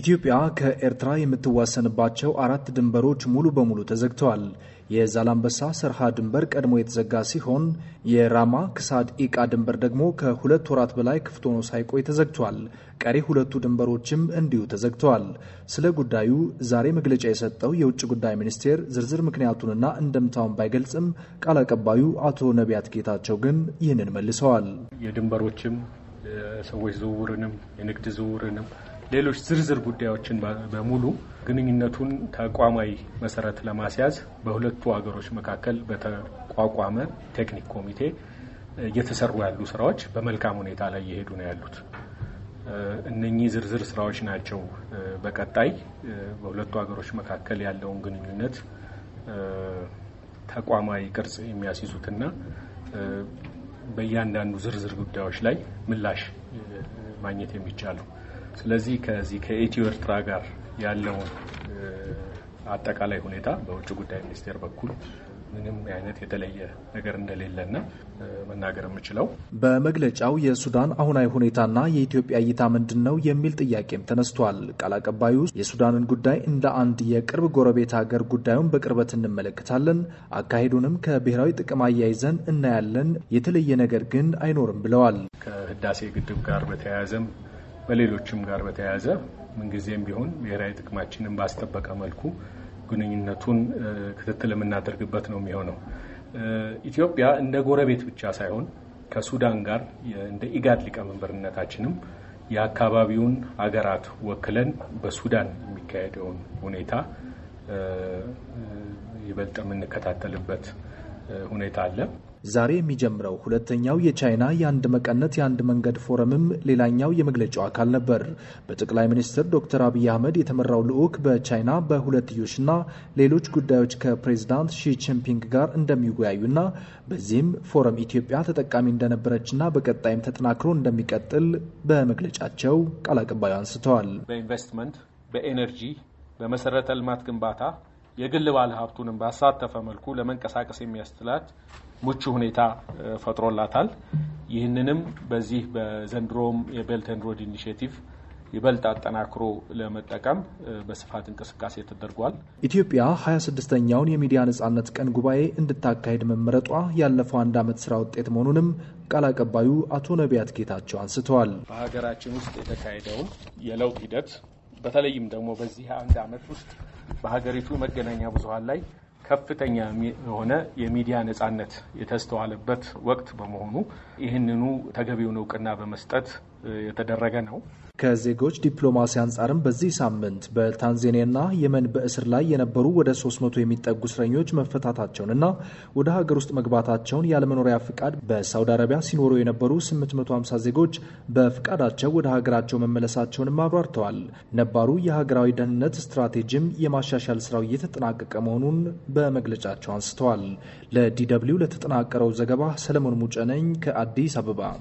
ኢትዮጵያ ከኤርትራ የምትዋሰንባቸው አራት ድንበሮች ሙሉ በሙሉ ተዘግተዋል። የዛላምበሳ ሰርሃ ድንበር ቀድሞ የተዘጋ ሲሆን የራማ ክሳድ ኢቃ ድንበር ደግሞ ከሁለት ወራት በላይ ክፍት ሆኖ ሳይቆይ ተዘግቷል። ቀሪ ሁለቱ ድንበሮችም እንዲሁ ተዘግተዋል። ስለ ጉዳዩ ዛሬ መግለጫ የሰጠው የውጭ ጉዳይ ሚኒስቴር ዝርዝር ምክንያቱንና እንደምታውን ባይገልጽም ቃል አቀባዩ አቶ ነቢያት ጌታቸው ግን ይህንን መልሰዋል። የድንበሮችም የሰዎች ዝውውርንም የንግድ ዝውውርንም ሌሎች ዝርዝር ጉዳዮችን በሙሉ ግንኙነቱን ተቋማዊ መሰረት ለማስያዝ በሁለቱ ሀገሮች መካከል በተቋቋመ ቴክኒክ ኮሚቴ እየተሰሩ ያሉ ስራዎች በመልካም ሁኔታ ላይ እየሄዱ ነው ያሉት። እነኚህ ዝርዝር ስራዎች ናቸው በቀጣይ በሁለቱ ሀገሮች መካከል ያለውን ግንኙነት ተቋማዊ ቅርጽ የሚያስይዙትና በእያንዳንዱ ዝርዝር ጉዳዮች ላይ ምላሽ ማግኘት የሚቻለው ስለዚህ ከዚህ ከኢትዮ ኤርትራ ጋር ያለውን አጠቃላይ ሁኔታ በውጭ ጉዳይ ሚኒስቴር በኩል ምንም አይነት የተለየ ነገር እንደሌለና መናገር የምችለው በመግለጫው የሱዳን አሁናዊ ሁኔታና የኢትዮጵያ እይታ ምንድን ነው የሚል ጥያቄም ተነስቷል። ቃል አቀባዩ የሱዳንን ጉዳይ እንደ አንድ የቅርብ ጎረቤት ሀገር ጉዳዩን በቅርበት እንመለከታለን፣ አካሄዱንም ከብሔራዊ ጥቅም አያይዘን እናያለን፣ የተለየ ነገር ግን አይኖርም ብለዋል። ከህዳሴ ግድብ ጋር በተያያዘም በሌሎችም ጋር በተያያዘ ምንጊዜም ቢሆን ብሔራዊ ጥቅማችንን ባስጠበቀ መልኩ ግንኙነቱን ክትትል የምናደርግበት ነው የሚሆነው። ኢትዮጵያ እንደ ጎረቤት ብቻ ሳይሆን ከሱዳን ጋር እንደ ኢጋድ ሊቀመንበርነታችንም የአካባቢውን ሀገራት ወክለን በሱዳን የሚካሄደውን ሁኔታ ይበልጥ የምንከታተልበት ሁኔታ አለ። ዛሬ የሚጀምረው ሁለተኛው የቻይና የአንድ መቀነት የአንድ መንገድ ፎረምም ሌላኛው የመግለጫው አካል ነበር። በጠቅላይ ሚኒስትር ዶክተር አብይ አህመድ የተመራው ልዑክ በቻይና በሁለትዮሽና ሌሎች ጉዳዮች ከፕሬዚዳንት ሺ ጂንፒንግ ጋር እንደሚወያዩና በዚህም ፎረም ኢትዮጵያ ተጠቃሚ እንደነበረችና በቀጣይም ተጠናክሮ እንደሚቀጥል በመግለጫቸው ቃል አቀባዩ አንስተዋል። በኢንቨስትመንት፣ በኤነርጂ፣ በመሰረተ ልማት ግንባታ የግል ባለ ሀብቱንም ባሳተፈ መልኩ ለመንቀሳቀስ የሚያስችላት ምቹ ሁኔታ ፈጥሮላታል። ይህንንም በዚህ በዘንድሮም የቤልት ኤንድ ሮድ ኢኒሽቲቭ ይበልጥ አጠናክሮ ለመጠቀም በስፋት እንቅስቃሴ ተደርጓል። ኢትዮጵያ 26ኛውን የሚዲያ ነጻነት ቀን ጉባኤ እንድታካሄድ መመረጧ ያለፈው አንድ ዓመት ስራ ውጤት መሆኑንም ቃል አቀባዩ አቶ ነቢያት ጌታቸው አንስተዋል። በሀገራችን ውስጥ የተካሄደውን የለውጥ ሂደት በተለይም ደግሞ በዚህ አንድ ዓመት ውስጥ በሀገሪቱ መገናኛ ብዙሀን ላይ ከፍተኛ የሆነ የሚዲያ ነጻነት የተስተዋለበት ወቅት በመሆኑ ይህንኑ ተገቢውን እውቅና በመስጠት የተደረገ ነው። ከዜጎች ዲፕሎማሲ አንጻርም በዚህ ሳምንት በታንዛኒያና የመን በእስር ላይ የነበሩ ወደ 300 የሚጠጉ እስረኞች መፈታታቸውንና ወደ ሀገር ውስጥ መግባታቸውን ያለመኖሪያ ፍቃድ በሳውዲ አረቢያ ሲኖሩ የነበሩ 850 ዜጎች በፍቃዳቸው ወደ ሀገራቸው መመለሳቸውንም አብራርተዋል። ነባሩ የሀገራዊ ደህንነት ስትራቴጂም የማሻሻል ስራው እየተጠናቀቀ መሆኑን በመግለጫቸው አንስተዋል። ለዲ ለተጠናቀረው ዘገባ ሰለሞን ሙጨነኝ ከአዲስ አበባ